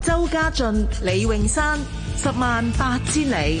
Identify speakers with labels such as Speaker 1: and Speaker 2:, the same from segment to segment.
Speaker 1: 周家俊、李永山，十萬八千里。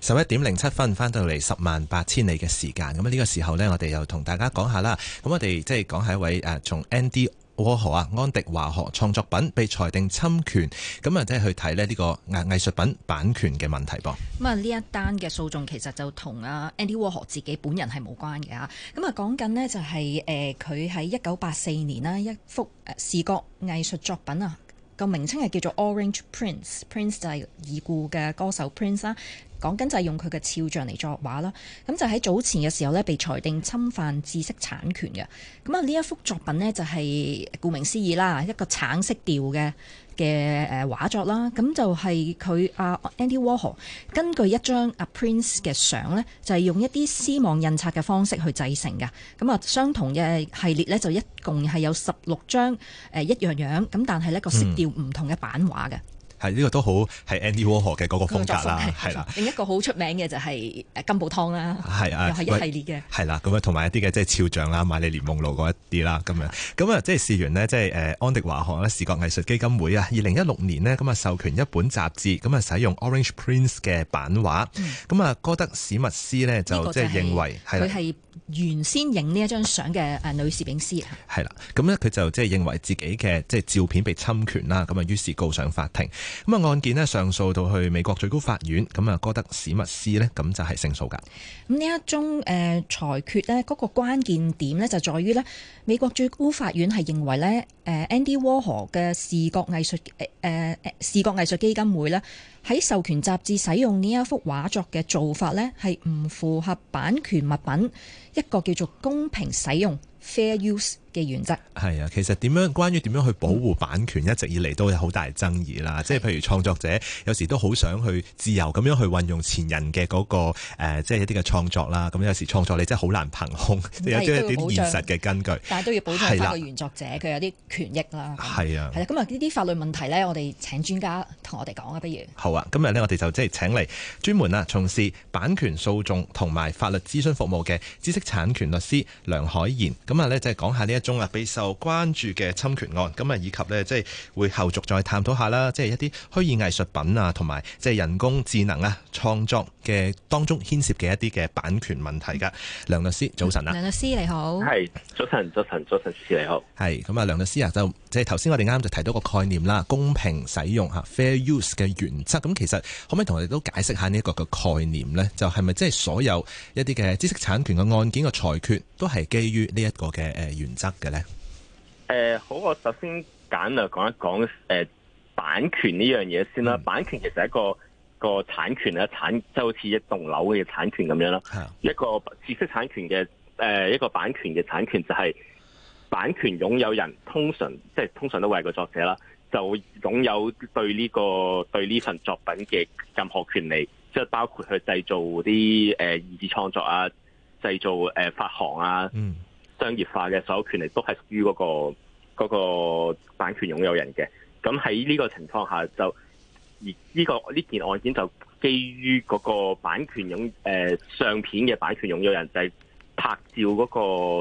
Speaker 2: 十一點零七分，翻到嚟十萬八千里嘅時間。咁呢個時候咧，我哋又同大家講下啦。咁我哋即係講下一位誒、啊，從 ND。華荷啊，安迪華荷創作品被裁定侵權，咁啊即係去睇咧呢個藝藝術品版權嘅問題噃。咁
Speaker 1: 啊呢一單嘅訴訟其實就同啊 Andy Warhol 自己本人係冇關嘅嚇。咁啊講緊呢，就係誒佢喺一九八四年啦，一幅視覺藝術作品啊，個名稱係叫做 Orange Prince，Prince 就係已故嘅歌手 Prince 啦。講緊就係用佢嘅肖像嚟作畫啦，咁就喺早前嘅時候呢，被裁定侵犯知識產權嘅。咁啊，呢一幅作品呢，就係顧名思義啦，一個橙色調嘅嘅誒畫作啦。咁就係佢 Andy Warhol 根據一張 Prince 嘅相呢，就係用一啲絲網印刷嘅方式去製成嘅。咁啊，相同嘅系列呢，就一共係有十六張一樣樣咁，但係呢個色調唔同嘅版畫嘅。嗯
Speaker 2: 係呢、這個都好係 Andy Warhol 嘅嗰個風格啦，係啦。是是啊、另
Speaker 1: 一個好出名嘅就係金寶湯啦，
Speaker 2: 係啊，又係一系列嘅。係啦，咁啊同埋一啲嘅即係肖像啊，瑪、啊啊、利蓮夢露嗰一啲啦，咁樣。咁啊即係事緣呢，即係誒安迪華荷咧視覺藝術基金會啊，二零一六年呢，咁啊授權一本雜誌咁啊使用 Orange Prince 嘅版畫。咁啊哥德史密斯呢、就是，就即係認為係佢係。
Speaker 1: 原先影呢一張相嘅誒女攝影師
Speaker 2: 係啦，咁呢，佢就即係認為自己嘅即係照片被侵權啦，咁啊於是告上法庭，咁啊案件呢，上訴到去美國最高法院，咁啊哥德史密斯呢，咁就係勝訴噶。
Speaker 1: 咁呢一宗誒裁決呢，嗰個關鍵點呢，就在於呢美國最高法院係認為呢誒 Andy Warhol 嘅視覺藝術誒視覺藝術基金會呢。喺授權雜誌使用呢一幅畫作嘅做法呢，係唔符合版權物品一個叫做公平使用 （fair use） 嘅原則
Speaker 2: 係啊，其實點樣關於點樣去保護版權，一直以嚟都有好大爭議啦。嗯、即係譬如創作者，有時都好想去自由咁樣去運用前人嘅嗰、嗰個、呃、即係一啲嘅創作啦。咁有時創作你真係好難憑空，即有啲啲現實嘅根據，但係
Speaker 1: 都要保障係啦。原作者佢、啊、有啲權益啦。係啊，係咁啊，呢啲法律問題呢，我哋請專家同我哋講啊。不如
Speaker 2: 好啊，今日呢，我哋就即係請嚟專門啊從事版權訴訟同埋法律諮詢服務嘅知識產權律師梁凱然。咁啊呢就係、講下呢中啊，備受關注嘅侵權案，咁啊以及咧，即係會後續再探討下啦，即係一啲虛擬藝術品啊，同埋即係人工智能啊創作。嘅當中牽涉嘅一啲嘅版權問題噶，梁律師早晨啊，梁
Speaker 1: 律師你好，係
Speaker 2: 早晨，早晨，早晨，你好，係咁啊，梁律師啊，就即係頭先我哋啱就提到個概念啦，公平使用嚇 （fair use） 嘅原則，咁其實可唔可以同我哋都解釋下呢一個嘅概念咧？就係咪即係所有一啲嘅知識產權嘅案件嘅裁決都係基於呢一個嘅誒原則嘅咧？
Speaker 3: 誒、呃、好，我首先簡略講一講誒、呃、版權呢樣嘢先啦。嗯、版權其實係一個。個產權咧，產，就好似一棟樓嘅產權咁樣啦的一個知識產權嘅，誒、呃，一個版權嘅產權就係、是、版權擁有人通常即係通常都會係個作者啦，就擁有對呢、這個對呢份作品嘅任何權利，即係包括去製造啲誒二次創作啊，製造誒、呃、發行啊，商業化嘅所有權利都係屬於嗰個嗰、那個版權擁有人嘅。咁喺呢個情況下就。而呢、這個呢件案件就基於嗰個版權擁誒、呃、相片嘅版權擁有人就係、拍照嗰個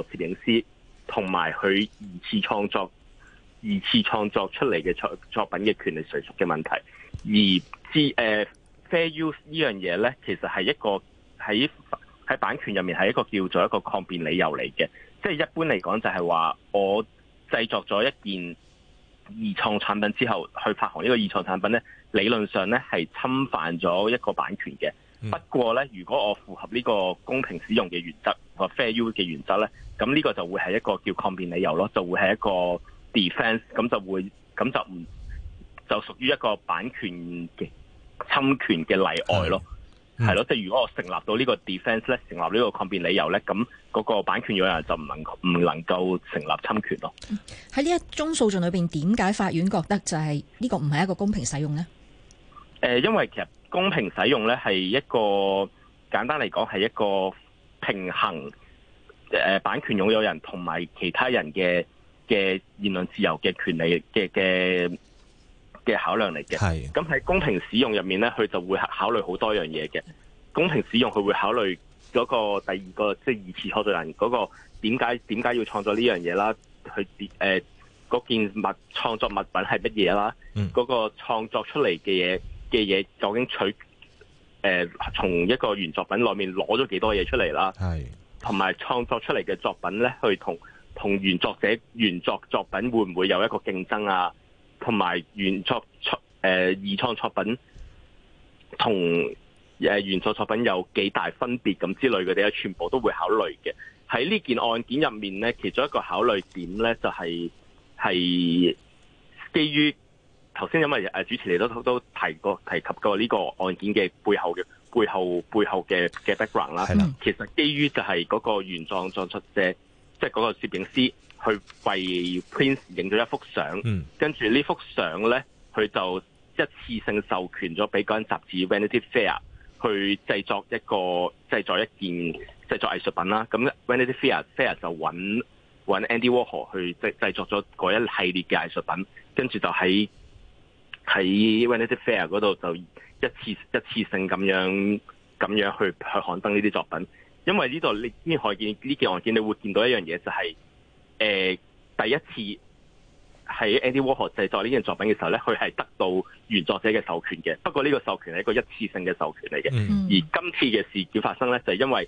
Speaker 3: 攝影師同埋佢二次創作二次創作出嚟嘅作品嘅權利誰屬嘅問題。而之誒、呃、fair use 呢樣嘢咧，其實係一個喺喺版權入面係一個叫做一個抗辯理由嚟嘅，即、就、係、係、一般嚟講就係話，我製作咗一件二創產品之後去發行呢個二創產品咧。理論上咧係侵犯咗一個版權嘅，不過咧，如果我符合呢個公平使用嘅原則、mm. 或 fair use 嘅原則咧，咁呢個就會係一個叫抗辯理由咯，就會係一個 defense，咁就會咁就唔就屬於一個版權嘅侵權嘅例外咯，係咯、mm. mm.，即係如果我成立到呢個 defense 咧，成立呢個抗辯理由咧，咁嗰個版權所有人就唔能唔能夠成立侵權咯。
Speaker 1: 喺呢一宗訴訟裏邊，點解法院覺得就係呢個唔係一個公平使用咧？
Speaker 3: 誒，因為其實公平使用咧，係一個簡單嚟講係一個平衡，誒、呃、版權擁有人同埋其他人嘅嘅言論自由嘅權利嘅嘅嘅考量嚟嘅。係的。咁喺公平使用入面咧，佢就會考慮好多樣嘢嘅。公平使用佢會考慮嗰個第二個即係、就是、二次創作人嗰個點解點解要創作呢樣嘢啦？佢誒、呃、嗰件物創作物品係乜嘢啦？嗰、嗯、個創作出嚟嘅嘢。嘅嘢究竟取誒，從、呃、一個原作品裏面攞咗幾多嘢出嚟啦？係同埋創作出嚟嘅作品咧，去同同原作者原作作品會唔會有一個競爭啊？同埋原作出誒、呃、二創作品同、呃、原作作品有幾大分別咁之類，嗰啲咧全部都會考慮嘅。喺呢件案件入面咧，其中一個考慮點咧就係、是、係基於。頭先因為主持嚟都都提過提及過呢個案件嘅背後嘅背後背後嘅嘅 background 啦，係啦，其實基於就係嗰個原創作出者，即係嗰個攝影師去為 Prince 影咗一幅相，嗯、跟住呢幅相咧，佢就一次性授權咗俾嗰間雜誌 Vanity Fair 去製作一個製作一件製作藝術品啦。咁 Vanity Fair Fair 就揾揾 Andy Warhol 去製製作咗嗰一系列嘅藝術品，跟住就喺。喺《Vanity Fair》嗰度就一次一次性咁樣咁樣去去刊登呢啲作品，因為呢度你呢個案件呢幾案件，你會見到一樣嘢就係、是，誒、呃、第一次喺 Andy Warhol 製作呢件作品嘅時候咧，佢係得到原作者嘅授權嘅。不過呢個授權係一個一次性嘅授權嚟嘅，mm. 而今次嘅事件發生咧，就係因為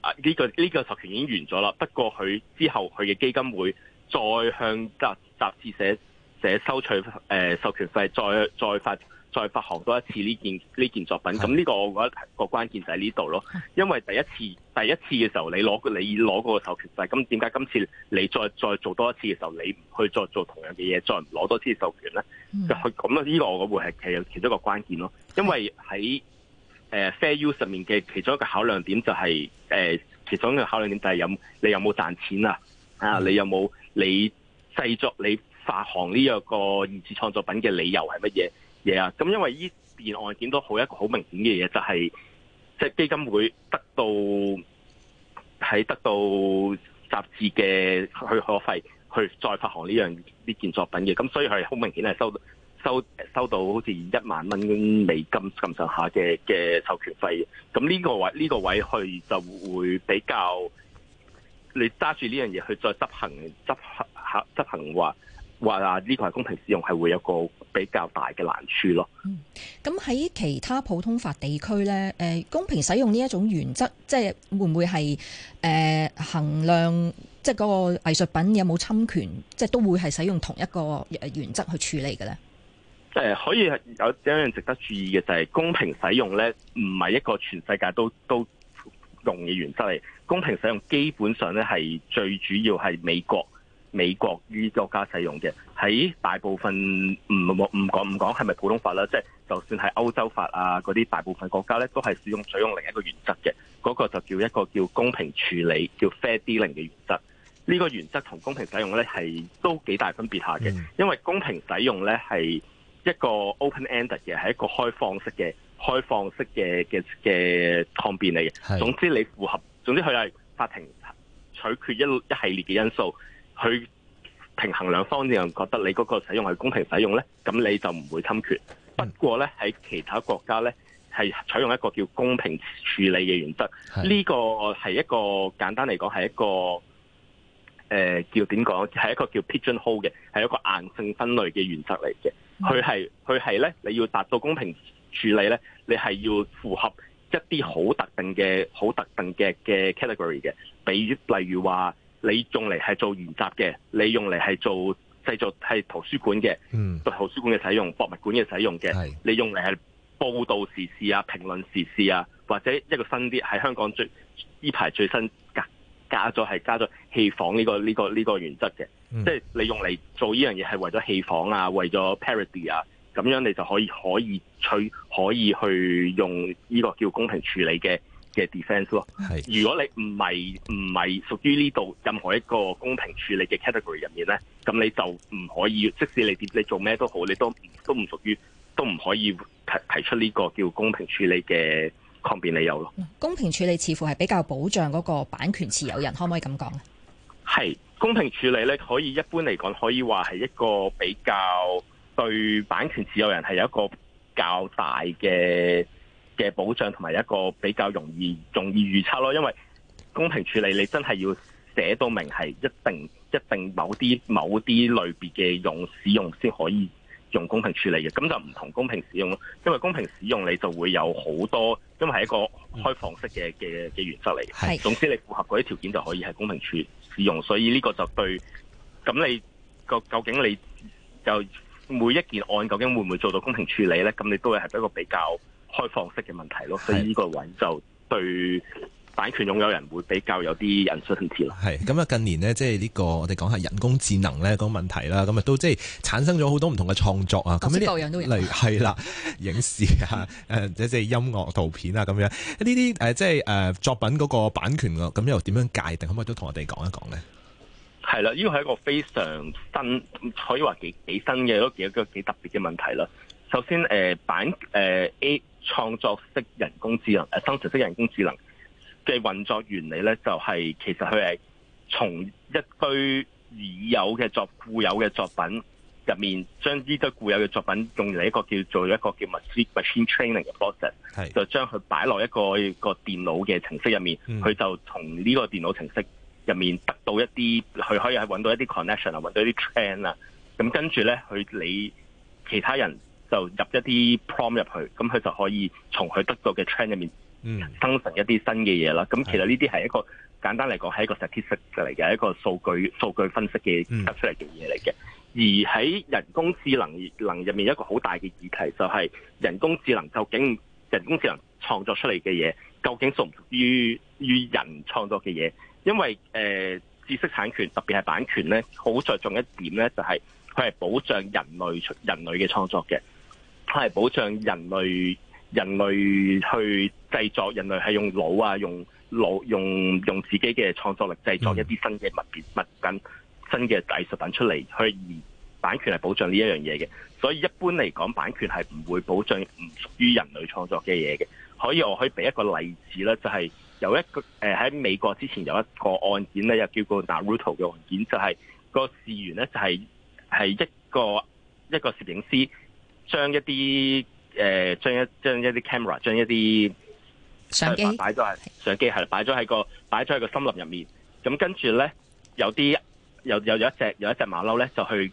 Speaker 3: 啊、這、呢個呢、這個授權已經完咗啦。不過佢之後佢嘅基金會再向雜雜誌社。者收取誒授權費，再再發再發行多一次呢件呢件作品，咁呢是的 個我覺得個關鍵就喺呢度咯。因為第一次第一次嘅時候你，你攞你攞個授權費，咁點解今次你再再做多一次嘅時候你，你唔去再做同樣嘅嘢，再唔攞多次授權咧？就係咁咯。呢個我覺得係其實其中一個關鍵咯。因為喺 fair use 上面嘅其中一個考量點就係、是、誒、呃，其中一個考量點就係有你有冇賺錢啊？啊，嗯、你有冇你製作你？發行呢個個二次創作品嘅理由係乜嘢嘢啊？咁因為呢件案件都好一個好明顯嘅嘢，就係即係基金會得到喺得到雜誌嘅去許可費，去再發行呢樣呢件作品嘅。咁所以佢好明顯係收收收到好似一萬蚊美金咁上下嘅嘅授權費。咁呢個位呢個位去就會比較你揸住呢樣嘢去再執行執行吓執行話。話啊，呢個係公平使用，係會有個比較大嘅難處咯。
Speaker 1: 咁喺、嗯、其他普通法地區呢，誒，公平使用呢一種原則，即係會唔會係誒、呃、衡量，即係嗰個藝術品有冇侵權，即係都會係使用同一個原則去處理嘅呢？誒、
Speaker 3: 呃，可以有一樣值得注意嘅就係、是、公平使用呢唔係一個全世界都都用嘅原則嚟。公平使用基本上咧係最主要係美國。美國於國家使用嘅喺大部分唔唔唔講唔講係咪普通法啦？即、就係、就算係歐洲法啊，嗰啲大部分國家咧都係使用使用另一個原則嘅，嗰、嗰個就叫一個叫公平處理，叫 fair dealing 嘅原則。呢、呢個原則同公平使用咧係都幾大分別下嘅，因為公平使用咧係一個 open-ended 嘅，係一個開放式嘅開放式嘅嘅嘅抗辯嚟嘅。是的 總之你符合，總之佢係法庭取決一一系列嘅因素。佢平衡兩方面，又覺得你嗰個使用係公平使用咧，咁你就唔會侵權。不過咧，喺其他國家咧，係採用一個叫公平處理嘅原則，呢、這個係一個簡單嚟講係一個誒、呃、叫點講，係一個叫 pigeon hole 嘅，係一個硬性分類嘅原則嚟嘅。佢係佢係咧，你要達到公平處理咧，你係要符合一啲好特定嘅好特定嘅嘅 category 嘅，比如例如話。你用嚟係做研習嘅，你用嚟係做製作係圖書館嘅，讀圖書館嘅使用、博物館嘅使用嘅，你用嚟係報道時事啊、評論時事啊，或者一個新啲係香港最呢排最，最新加加咗係加咗戲仿呢個呢個呢個原則嘅，即係、嗯、你用嚟做呢樣嘢係為咗戲仿啊，為咗 parody 啊，咁樣你就可以可以取可以去用呢個叫公平處理嘅。嘅 defence 喎，如果你唔係唔係屬於呢度任何一個公平處理嘅 category 入面咧，咁你就唔可以，即使你你做咩都好，你都都唔屬於，都唔可以提提出呢個叫公平處理嘅抗辯理由咯。
Speaker 1: 公平處理似乎係比較保障嗰個版權持有人，可唔可以咁講？
Speaker 3: 係公平處理咧，可以一般嚟講，可以話係一個比較對版權持有人係有一個較大嘅嘅保障同埋一個比較容易容易預測咯，因為公平處理你真係要寫到明係一定一定某啲某啲類別嘅用使用先可以用公平處理嘅，咁就唔同公平使用咯。因為公平使用你就會有好多，因為係一個開放式嘅嘅嘅原則嚟，係總之你符合嗰啲條件就可以係公平處使用，所以呢個就對，咁你究竟你就每一件案究竟會唔會做到公平處理咧？咁你都會係一個比較開放式嘅問題咯，所以呢個位就對版權擁有人會比較
Speaker 2: 有啲引申啲啦。係咁啊，近年咧，即係呢個我哋講下人工智能咧嗰個問題啦。咁啊，都即係產生咗好多唔同嘅創作啊。咁啲例如係啦，影視啊，誒即係音樂、圖片啊咁樣。呢啲誒即係誒作品嗰個版權啊，咁又點樣界定？可唔可以都同我哋講一講咧？
Speaker 3: 係啦，呢個係一個非常新可以話幾幾新嘅，都幾幾幾特別嘅問題啦。首先，誒、呃、版誒、呃、A。創作式人工智能，誒、啊，生成式人工智能嘅運作原理咧，就係、是、其實佢係從一堆已有嘅作、固有嘅作品入面，將呢堆固有嘅作品用嚟一個叫做一個叫 machine machine training 嘅 process，是就將佢擺落一個一個電腦嘅程式入面，佢、嗯、就從呢個電腦程式入面得到一啲，佢可以揾到一啲 connection 啊，揾到啲 train 啦，咁跟住咧佢理其他人。就入一啲 prompt 入去，咁佢就可以從佢得到嘅 train 入面生成一啲新嘅嘢啦。咁、嗯、其實呢啲係一個的簡單嚟講係一個 statistics 嚟嘅一個數據數據分析嘅得出嚟嘅嘢嚟嘅。嗯、而喺人工智能能入面，一個好大嘅議題就係、是、人工智能究竟人工智能創作出嚟嘅嘢，究竟屬唔屬於於人創作嘅嘢？因為誒、呃、知識產權特別係版權咧，好着重一點咧，就係佢係保障人類人類嘅創作嘅。係保障人類人類去製作人類係用腦啊，用腦用用自己嘅創作力製作一啲新嘅物別物品，新嘅藝術品出嚟，去而版權係保障呢一樣嘢嘅。所以一般嚟講，版權係唔會保障唔屬於人類創作嘅嘢嘅。可以我可以俾一個例子啦，就係、是、有一個誒喺美國之前有一個案件咧，又叫做 Naruto 嘅案件，就係、是、個事源咧就係、是、係一個一個攝影師。將一啲誒，將、呃、一將一啲 camera，將一啲相機擺咗喺相機係，擺咗喺個擺咗喺個森林入面。咁跟住咧，有啲有有有一隻有一隻馬騮咧，就去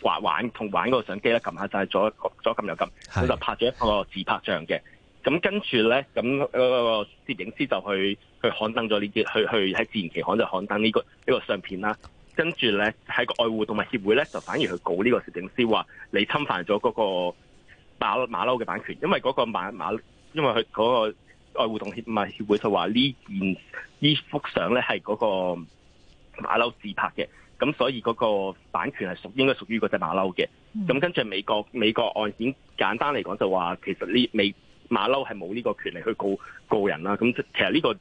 Speaker 3: 玩玩同玩嗰個相機咧，撳下掣、就係，左左撳右撳，佢就拍咗一個自拍像嘅。咁的跟住咧，咁嗰個攝影師就去去刊登咗呢啲，去去喺自然期刊就刊登呢、呢個呢、呢個相片啦。跟住咧，喺個愛護動物協會咧，就反而去告呢個攝影師話你侵犯咗嗰個馬馬騮嘅版權，因為嗰個馬因為佢嗰個愛護動物協,協會就話呢件呢幅相咧係嗰個馬騮自拍嘅，咁所以嗰個版權係屬應該屬於嗰隻馬騮嘅。咁跟住美國美國案件簡單嚟講就話，其實呢美馬騮係冇呢個權利去告告人啦、啊。咁其實呢個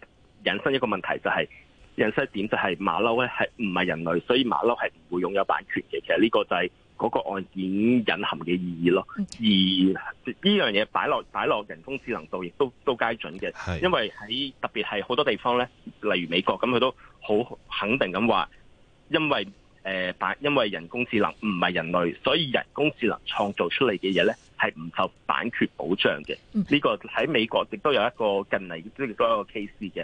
Speaker 3: 引申一個問題就係、是。有一點就係馬騮咧，係唔係人類，所以馬騮係唔會擁有版權嘅。其實呢個就係嗰個案件隱含嘅意義咯。Mm hmm. 而呢樣嘢擺落擺落人工智能度亦都都皆準嘅，mm hmm. 因為喺特別係好多地方咧，例如美國咁，佢都好肯定咁話，因為誒、呃，因為人工智能唔係人類，所以人工智能創造出嚟嘅嘢咧係唔受版權保障嘅。呢、mm hmm. 個喺美國亦都有一個近嚟亦都有一個 case 嘅。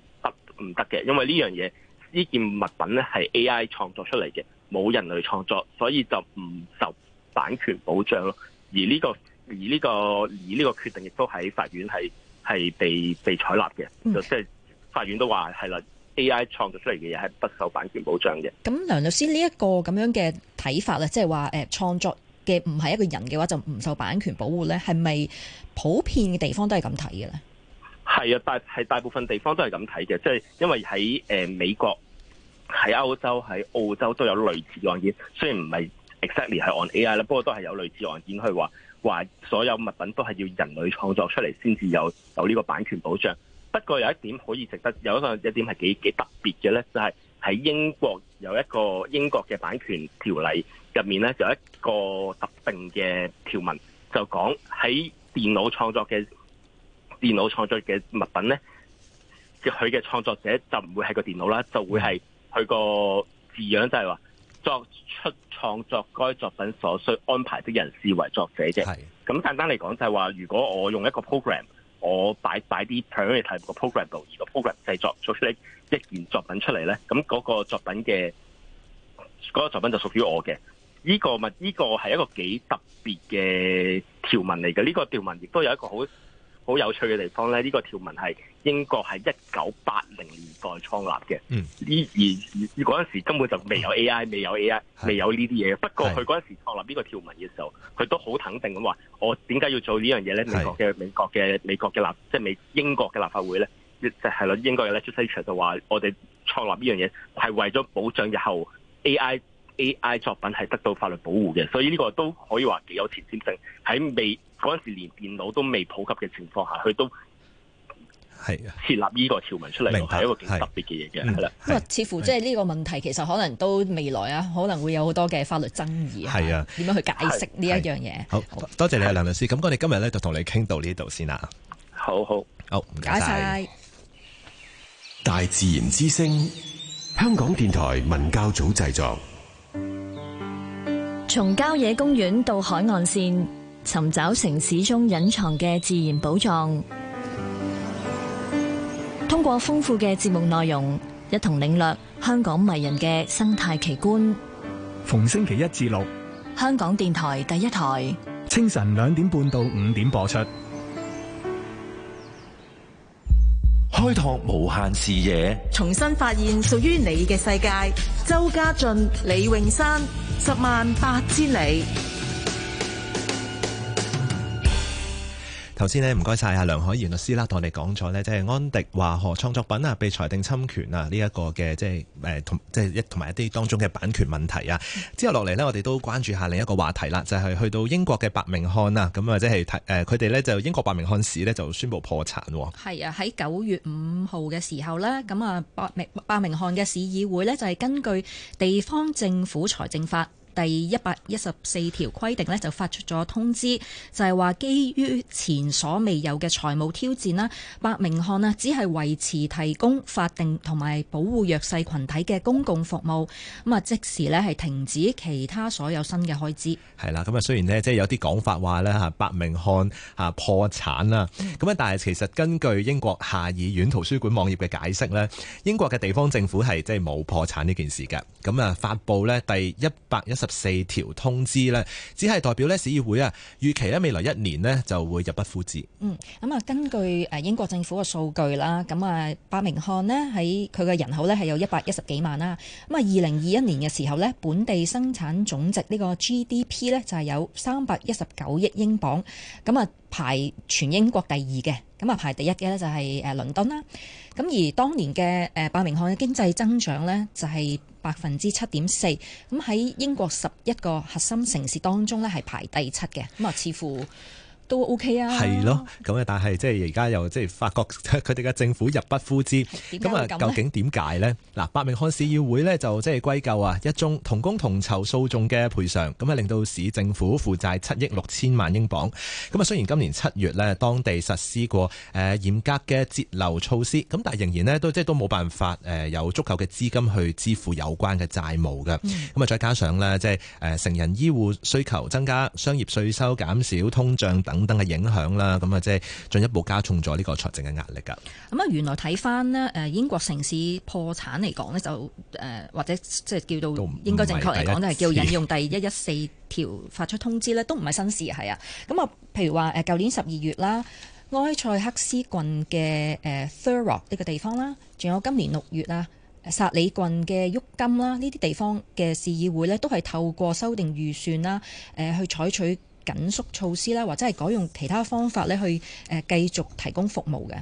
Speaker 3: 唔得嘅，因為呢樣嘢呢件物品咧係 A.I. 創作出嚟嘅，冇人類創作，所以就唔受版權保障咯。而呢個而呢個而呢個決定亦都喺法院係係被被採納嘅，就即係法院都話係啦，A.I. 創作出嚟嘅嘢係不受版權保障嘅。
Speaker 1: 咁梁律師呢一個咁樣嘅睇法咧，即係話誒創作嘅唔係一個人嘅話，就唔受版權保護咧，係咪普遍嘅地方都係咁睇嘅咧？
Speaker 3: 係啊，大係大部分地方都係咁睇嘅，即係因為喺誒美國、喺歐洲、喺澳洲都有類似案件，雖然唔係 exactly 係按 AI 啦，不過都係有類似案件去話話所有物品都係要人類創作出嚟先至有有呢個版權保障。不過有一點可以值得，有一個一點係幾幾特別嘅咧，就係喺英國有一個英國嘅版權條例入面咧，有一個特定嘅條文就講喺電腦創作嘅。電腦創作嘅物品呢，佢嘅創作者就唔會係個電腦啦，就會係佢個字樣就，就係話作出創作該作品所需安排的人視為作者嘅。咁是簡單嚟講，就係話，如果我用一個 program，我擺擺啲 program 度，而個 program 製作做出嚟一件作品出嚟呢，咁、那、嗰個作品嘅嗰、那個作品就屬於我嘅。呢、這個咪，呢、這個係一個幾特別嘅條文嚟嘅。呢、這個條文亦都有一個好好有趣嘅地方咧，呢、這個條文係英國係一九八零年代創立嘅，依、嗯、而而嗰陣時根本就未有 AI,、嗯、未有 AI、未有 AI、未有呢啲嘢。不過佢嗰陣時創立呢個條文嘅時候，佢都好肯定咁話：我點解要做呢樣嘢咧？美國嘅美國嘅美國嘅立即英國嘅立法會咧，就係、是、啦英國嘅 legislature 就話我哋創立呢樣嘢係為咗保障日後 AI。A.I. 作品係得到法律保護嘅，所以呢個都可以話幾有前瞻性。喺未嗰陣時，連電腦都未普及嘅情況下，佢都係啊設立呢個條文出嚟，係的一個幾特別嘅嘢嘅。係
Speaker 1: 啦，嗯、因為似乎即係呢個問題，其實可能都未來啊，可能會有好多嘅法律爭議。係啊，點的樣去解釋呢一的樣嘢？好，
Speaker 2: 好多謝你啊，梁律師。咁的我哋今日咧就同你傾到呢度先啦。好好，好，唔該晒。謝謝釋大自然之聲，香港電台文教組製作。
Speaker 1: 從郊野公園到海岸綫，尋找城市中隱藏嘅自然寶藏。通過豐富嘅節目內容，一同領略香港迷人嘅生態奇觀。
Speaker 2: 逢星期一至六，
Speaker 1: 香港電台第一台，
Speaker 2: 清晨兩點半到五點播出。開拓無限視野，
Speaker 1: 重新發現屬於你嘅世界。周家俊、李詠山。十萬八千里。
Speaker 2: 頭先呢，唔該晒阿梁凱然律師啦，同我哋講咗呢，即係安迪華荷創作品啊，被裁定侵權啊，呢一個嘅即係誒同即係一同埋一啲當中嘅版權問題啊。之後落嚟呢，我哋都關注下另一個話題啦，就係、是、去到英國嘅伯明翰啊，咁或者係誒佢哋呢，就英國伯明翰市呢，就宣布破產喎。
Speaker 1: 係啊，喺九月五號嘅時候呢，咁啊伯明伯明翰嘅市議會呢，就係根據地方政府財政法。第一百一十四條規定呢，就發出咗通知，就係話基於前所未有嘅財務挑戰啦，百明漢伯明翰啊，只係維持提供法定同埋保護弱勢群體嘅公共服務，咁啊即時呢，係停止其他所有新嘅開支。
Speaker 2: 係啦，咁啊雖然呢，即係有啲講法話呢，嚇伯明翰啊，破產啦，咁啊但係其實根據英國下議院圖書館網頁嘅解釋呢，英國嘅地方政府係即係冇破產呢件事㗎。咁啊發佈呢第一百一十四條通知呢只係代表呢市議會啊預期呢未來一年呢就會入不敷支。
Speaker 1: 嗯，咁啊，根據誒英國政府嘅數據啦，咁啊，伯明翰呢，喺佢嘅人口呢係有一百一十幾萬啦。咁啊，二零二一年嘅時候呢，本地生產總值呢個 GDP 呢就係有三百一十九億英鎊，咁啊排全英國第二嘅，咁啊排第一嘅呢就係誒倫敦啦。咁而當年嘅誒伯明翰嘅經濟增長呢，就係、是。百分之七點四，咁喺英國十一個核心城市當中呢係排第七嘅，咁啊似乎，都 OK 啊，係咯，
Speaker 2: 咁啊，但係即係而家又即係發覺佢哋嘅政府入不敷支，咁啊究竟點解咧？嗱，伯明翰市議會咧就即係歸咎啊，一宗同工同酬訴訟嘅賠償，咁啊令到市政府負債七億六千萬英鎊，咁啊雖然今年七月咧當地實施過誒嚴格嘅節流措施，咁但係仍然咧都即係都冇辦法誒有足夠嘅資金去支付有關嘅債務嘅。咁啊再加上咧即係誒成人醫護需求增加、商業稅收減少、通脹等。等等嘅影響啦，咁啊即係進一步加重咗呢個財政嘅壓力噶。
Speaker 1: 咁啊，原來睇翻呢誒英國城市破產嚟講呢，就誒或者即係叫做應該正確嚟講，都係叫引用第一一四條發出通知呢，都唔係新事係啊。咁啊，譬如話誒，舊年十二月啦，埃塞克斯郡嘅誒 Thurrock 呢個地方啦，仲有今年六月啊，薩里郡嘅鬱金啦，呢啲地方嘅市議會呢，都係透過修訂預算啦，誒去採取緊縮措施啦，或者係改用其他方法咧，去誒繼續提供服務嘅。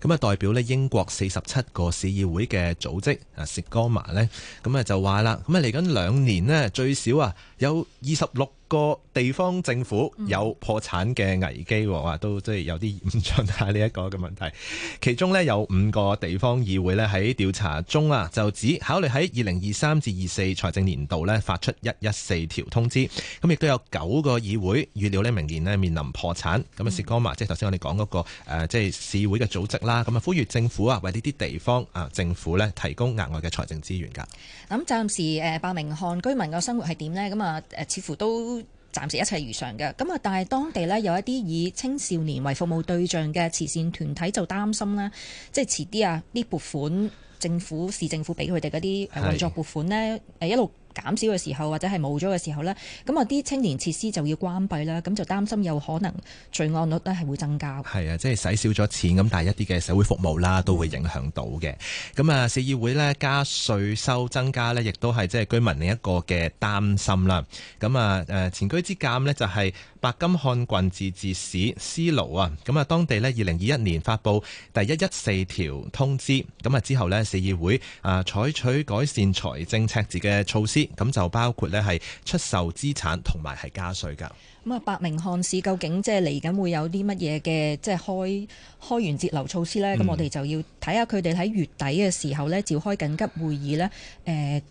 Speaker 2: 咁啊，代表咧英國四十七個市議會嘅組織啊 SIGOMA 咧，咁啊就話啦，咁啊嚟緊兩年呢，最少啊有二十六個地方政府有破產嘅危機，話都即係有啲嚴峻下呢一個嘅問題。其中呢，有五個地方議會呢，喺調查中啊，就只考慮喺二零二三至二四財政年度呢，發出一一四條通知。咁亦都有九個議會預料呢，明年呢，面臨破產。咁啊、嗯，SIGOMA，即係頭先我哋講嗰個即係市會嘅組織啦。咁啊，呼籲政府啊為呢啲地方啊政府呢，提供額外嘅財政資源㗎。咁
Speaker 1: 暫時誒，伯明翰居民嘅生活係點呢？咁啊誒，似乎都。暫時一切如常嘅，咁啊，但係，當地咧有一啲以青少年為服務對象嘅慈善團體就擔心啦，即係遲啲啊，啲撥款政府市政府，俾佢哋嗰啲運作撥款咧，誒一路。減少嘅時候，或者係冇咗嘅時候呢，咁啊啲青年設施就要關閉啦，咁就擔心有可能罪案率咧係會增加。
Speaker 2: 係啊，即係使少咗錢，咁但係一啲嘅社會服務啦都會影響到嘅。咁啊、嗯，市議會呢，加稅收增加呢，亦都係即係居民另一個嘅擔心啦。咁啊誒，前車之鑑呢、就係，就係。白金漢郡自治市司勞啊，咁啊當地呢，二零二一年發布第一一四條通知，咁啊之後呢，市議會啊採取改善財政赤字嘅措施，咁就包括呢係出售資產同埋係加稅噶。
Speaker 1: 咁啊，伯明翰市究竟即係嚟緊會有啲乜嘢嘅即係開開源節流措施呢？咁、嗯、我哋就要睇下佢哋喺月底嘅時候呢，召開緊急會議呢。誒、呃。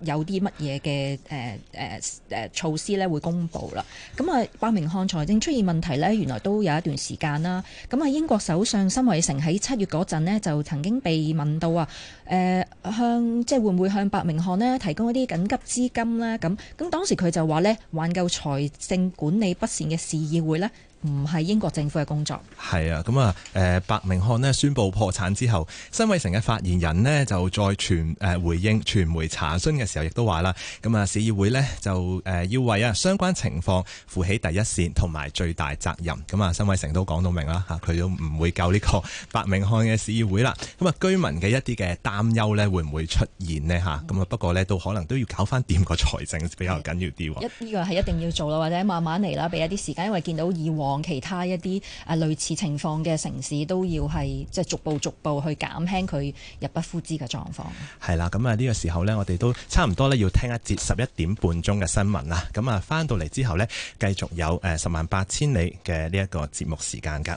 Speaker 1: 有啲乜嘢嘅誒誒措施咧會公布啦，咁啊，伯明翰財政出現問題咧，原來都有一段時間啦。咁啊，英國首相辛偉誠喺七月嗰陣呢，就曾經被問到啊、呃，向即係會唔會向伯明翰呢提供一啲緊急資金咧？咁咁當時佢就話咧，挽救財政管理不善嘅市議會咧，唔係英國政府嘅工作。
Speaker 2: 係啊，咁、嗯、啊，誒伯明翰呢宣佈破產之後，辛偉誠嘅發言人呢就再傳、呃、回應傳媒查詢嘅時候也說了，亦都話啦，咁啊市議會呢，就誒、呃、要為啊相關情況負起第一線同埋最大責任。咁、嗯、啊，辛偉誠都講到明啦嚇，佢都唔會救呢個伯明翰嘅市議會啦。咁、嗯、啊，居民嘅一啲嘅擔憂呢，會唔會出現呢？嚇、嗯？咁啊，不過呢，都可能都要搞翻掂個財政比較緊要啲。一
Speaker 1: 呢個係一定要做啦，或者慢慢嚟啦，俾一啲時間，因為見到以往往其他一啲啊類似情況嘅城市都要係即係逐步逐步去減輕佢入不敷支嘅狀況。
Speaker 2: 係啦，咁啊呢個時候咧，我哋都差唔多咧要聽一節十一點半鐘嘅新聞啦。咁啊翻到嚟之後咧，繼續有誒十萬八千里嘅呢一個節目時間㗎。